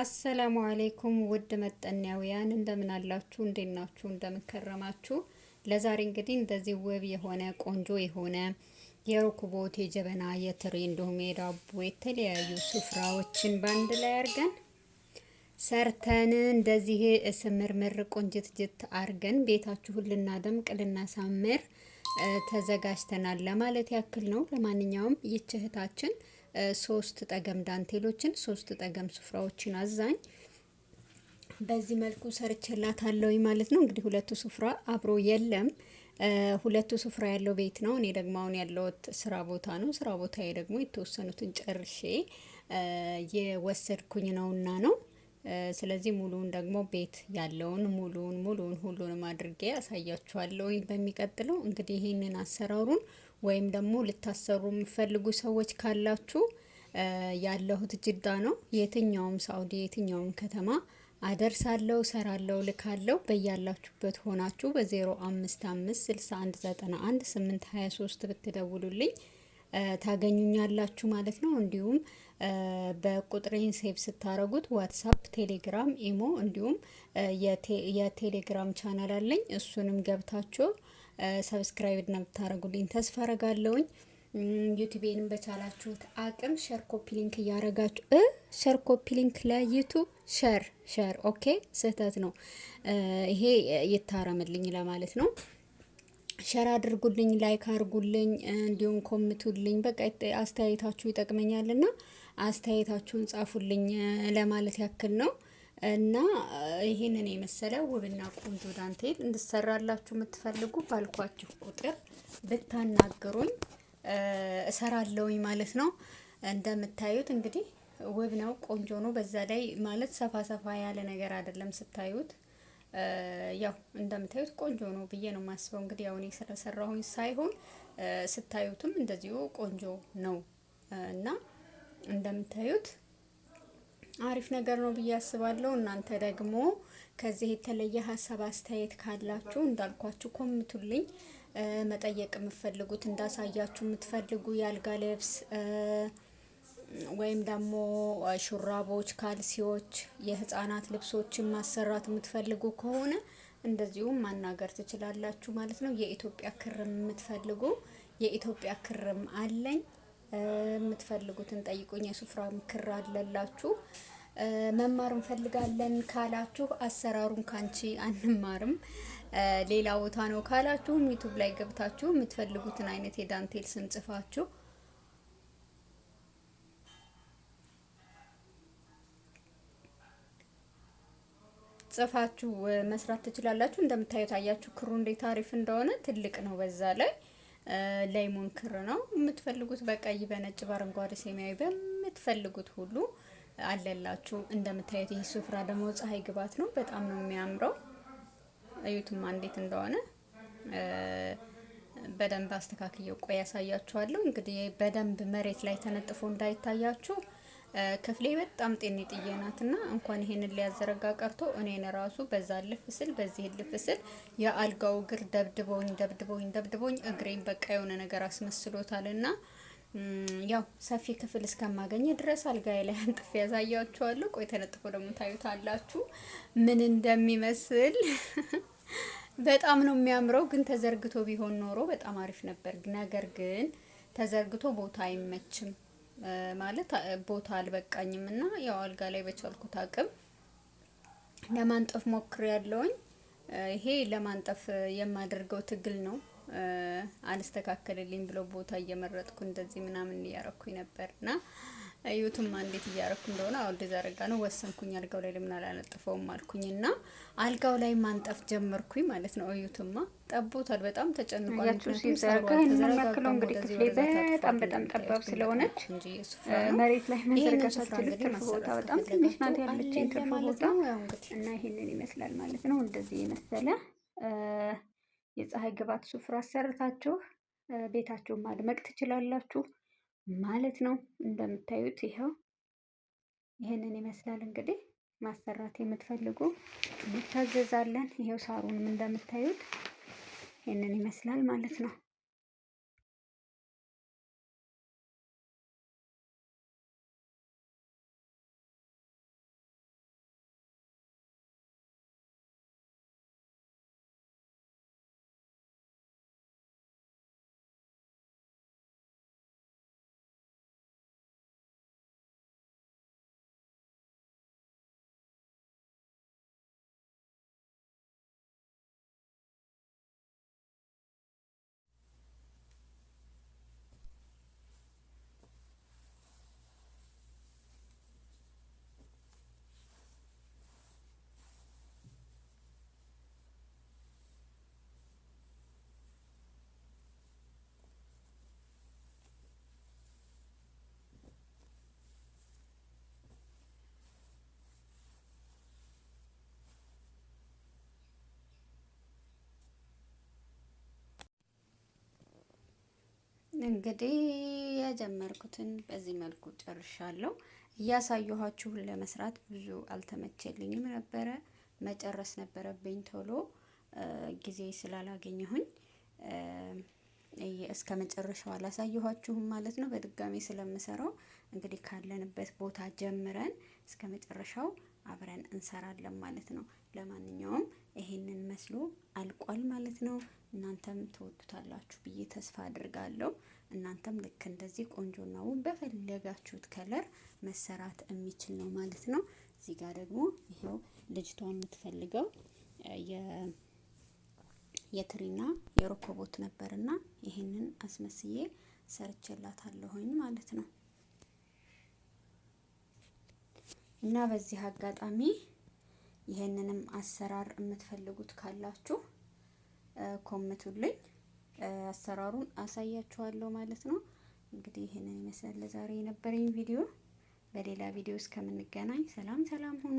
አሰላሙ አሌይኩም ውድ መጠንያውያን እንደምን አላችሁ? እንዴት ናችሁ? እንደምን ከረማችሁ? ለዛሬ እንግዲህ እንደዚህ ውብ የሆነ ቆንጆ የሆነ የሮኮቦት የጀበና የትሪ እንዲሁም የዳቦ የተለያዩ ስፍራዎችን በአንድ ላይ አድርገን ሰርተን እንደዚህ ስምርምር ቆንጅትጅት አድርገን ቤታችሁን ልናደምቅ ልናሳምር ተዘጋጅተናል ለማለት ያክል ነው። ለማንኛውም ይች እህታችን ሶስት ጠገም ዳንቴሎችን ሶስት ጠገም ሱፍራዎችን አዛኝ በዚህ መልኩ ሰርችላታለሁ ማለት ነው። እንግዲህ ሁለቱ ሱፍራ አብሮ የለም። ሁለቱ ሱፍራ ያለው ቤት ነው። እኔ ደግሞ አሁን ያለሁት ስራ ቦታ ነው። ስራ ቦታዬ ደግሞ የተወሰኑትን ጨርሼ የወሰድኩኝ ነውና ነው ስለዚህ ሙሉውን ደግሞ ቤት ያለውን ሙሉውን ሙሉውን ሁሉንም አድርጌ ያሳያችኋለሁ። በሚቀጥለው እንግዲህ ይህንን አሰራሩን ወይም ደግሞ ልታሰሩ የምፈልጉ ሰዎች ካላችሁ ያለሁት ጅዳ ነው። የትኛውም ሳውዲ የትኛውም ከተማ አደርሳለሁ፣ ሰራለሁ፣ ልካለሁ። በያላችሁበት ሆናችሁ በ0556191 ብትደውሉልኝ ታገኙኛላችሁ ማለት ነው እንዲሁም በቁጥሬን ሴቭ ስታደረጉት ዋትሳፕ፣ ቴሌግራም፣ ኢሞ እንዲሁም የቴሌግራም ቻናል አለኝ። እሱንም ገብታችሁ ሰብስክራይብ ነው ብታደረጉልኝ ተስፋ አረጋለሁኝ። ዩቲቤንም በቻላችሁት አቅም ሸር ኮፒ ሊንክ እያረጋችሁ እ ሸር ኮፒ ሊንክ ለዩቱብ ሸር ሸር ኦኬ፣ ስህተት ነው ይሄ ይታረምልኝ ለማለት ነው። ሸር አድርጉልኝ፣ ላይክ አድርጉልኝ፣ እንዲሁም ኮምቱልኝ። በቃ አስተያየታችሁ ይጠቅመኛልና አስተያየታችሁን ጻፉልኝ ለማለት ያክል ነው። እና ይህንን የመሰለ ውብና ቆንጆ ዳንቴል እንድሰራላችሁ የምትፈልጉ ባልኳችሁ ቁጥር ብታናግሩኝ እሰራለውኝ ማለት ነው። እንደምታዩት እንግዲህ ውብ ነው፣ ቆንጆ ነው። በዛ ላይ ማለት ሰፋ ሰፋ ያለ ነገር አይደለም። ስታዩት ያው እንደምታዩት ቆንጆ ነው ብዬ ነው የማስበው። እንግዲህ ያው እኔ ስለሰራሁኝ ሳይሆን ስታዩትም እንደዚሁ ቆንጆ ነው እና እንደምታዩት አሪፍ ነገር ነው ብዬ አስባለሁ። እናንተ ደግሞ ከዚህ የተለየ ሀሳብ አስተያየት ካላችሁ እንዳልኳችሁ ኮምቱልኝ። መጠየቅ የምትፈልጉት እንዳሳያችሁ የምትፈልጉ የአልጋ ልብስ ወይም ደግሞ ሹራቦች፣ ካልሲዎች፣ የህፃናት ልብሶችን ማሰራት የምትፈልጉ ከሆነ እንደዚሁም ማናገር ትችላላችሁ ማለት ነው። የኢትዮጵያ ክርም የምትፈልጉ የኢትዮጵያ ክርም አለኝ። የምትፈልጉትን ጠይቁኝ። የሱፍራ ምክር አለላችሁ። መማር እንፈልጋለን ካላችሁ አሰራሩን ካንቺ አንማርም ሌላ ቦታ ነው ካላችሁም ዩቱብ ላይ ገብታችሁ የምትፈልጉትን አይነት የዳንቴል ስም ጽፋችሁ ጽፋችሁ መስራት ትችላላችሁ። እንደምታዩት አያችሁ ክሩ እንዴት አሪፍ እንደሆነ ትልቅ ነው። በዛ ላይ ላይሞን ክር ነው የምትፈልጉት። በቀይ በነጭ በአረንጓዴ ሰማያዊ በምትፈልጉት ሁሉ አለላችሁ። እንደምታዩት ይህ ሱፍራ ደግሞ ፀሐይ ግባት ነው። በጣም ነው የሚያምረው። እዩትማ እንዴት እንደሆነ በደንብ አስተካክየው ቆይ ያሳያችኋለሁ። እንግዲህ በደንብ መሬት ላይ ተነጥፎ እንዳይታያችሁ ክፍሌ በጣም ጤኔ ጥየናት ናትና እንኳን ይሄንን ሊያዘረጋ ቀርቶ እኔን ራሱ በዛ ልፍ ስል በዚህ ልፍ ስል የአልጋው እግር ደብድቦኝ ደብድቦኝ ደብድቦኝ እግሬን በቃ የሆነ ነገር አስመስሎታልና ያው ሰፊ ክፍል እስከማገኘ ድረስ አልጋዬ ላይ አንጥፍ ያሳያችኋለሁ። ቆይ ተነጥፎ ደግሞ ታዩታላችሁ ምን እንደሚመስል። በጣም ነው የሚያምረው፣ ግን ተዘርግቶ ቢሆን ኖሮ በጣም አሪፍ ነበር። ነገር ግን ተዘርግቶ ቦታ አይመችም። ማለት ቦታ አልበቃኝም እና ያው አልጋ ላይ በቻልኩት አቅም ለማንጠፍ ሞክር ያለውኝ። ይሄ ለማንጠፍ የማደርገው ትግል ነው። አልስተካከልልኝ ብሎ ቦታ እየመረጥኩ እንደዚህ ምናምን እያረኩኝ ነበር እና እዩትም እንዴት እያረኩ እንደሆነ አሁን እንደዛ አረጋ ነው ወሰንኩኝ። አልጋው ላይ ለምን አላነጥፈውም አልኩኝና አልጋው ላይ ማንጠፍ ጀመርኩኝ ማለት ነው። እዩትማ ጠቦታል፣ በጣም ተጨንቋል። ምክንያቱም ሳይዘረጋ እንግዲህ በጣም በጣም ጠባብ ስለሆነች መሬት ላይ መንዘርጋት አትችልም። ትርፍ ቦታ በጣም ትንሽ ናት ያለችኝ ትርፍ ቦታ እና ይሄንን ይመስላል ማለት ነው። እንደዚህ የመሰለ የፀሐይ ግባት ሱፍራ አሰርታችሁ ቤታችሁን ማድመቅ ትችላላችሁ። ማለት ነው። እንደምታዩት ይኸው ይህንን ይመስላል እንግዲህ ማሰራት የምትፈልጉ እንታዘዛለን። ይኸው ሳሩንም እንደምታዩት ይህንን ይመስላል ማለት ነው። እንግዲህ የጀመርኩትን በዚህ መልኩ ጨርሻለሁ። እያሳየኋችሁን ለመስራት ብዙ አልተመቸልኝም ነበረ፣ መጨረስ ነበረብኝ ቶሎ ጊዜ ስላላገኘሁኝ እስከ መጨረሻው አላሳየኋችሁም ማለት ነው። በድጋሚ ስለምሰራው እንግዲህ ካለንበት ቦታ ጀምረን እስከ መጨረሻው አብረን እንሰራለን ማለት ነው። ለማንኛውም ይሄንን መስሎ አልቋል ማለት ነው። እናንተም ትወዱታላችሁ ብዬ ተስፋ አድርጋለሁ። እናንተም ልክ እንደዚህ ቆንጆና ውብ በፈለጋችሁት ከለር መሰራት የሚችል ነው ማለት ነው። እዚህ ጋር ደግሞ ይኸው ልጅቷ የምትፈልገው የትሪና የሮኮቦት ነበርና ይሄንን አስመስዬ ሰርቼላታለሁኝ ማለት ነው። እና በዚህ አጋጣሚ ይሄንንም አሰራር የምትፈልጉት ካላችሁ ኮምቱልኝ። አሰራሩን አሳያችኋለሁ ማለት ነው። እንግዲህ ይህንን ይመስላል ለዛሬ የነበረኝ ቪዲዮ። በሌላ ቪዲዮ እስከምንገናኝ ሰላም ሰላም ሁኑ።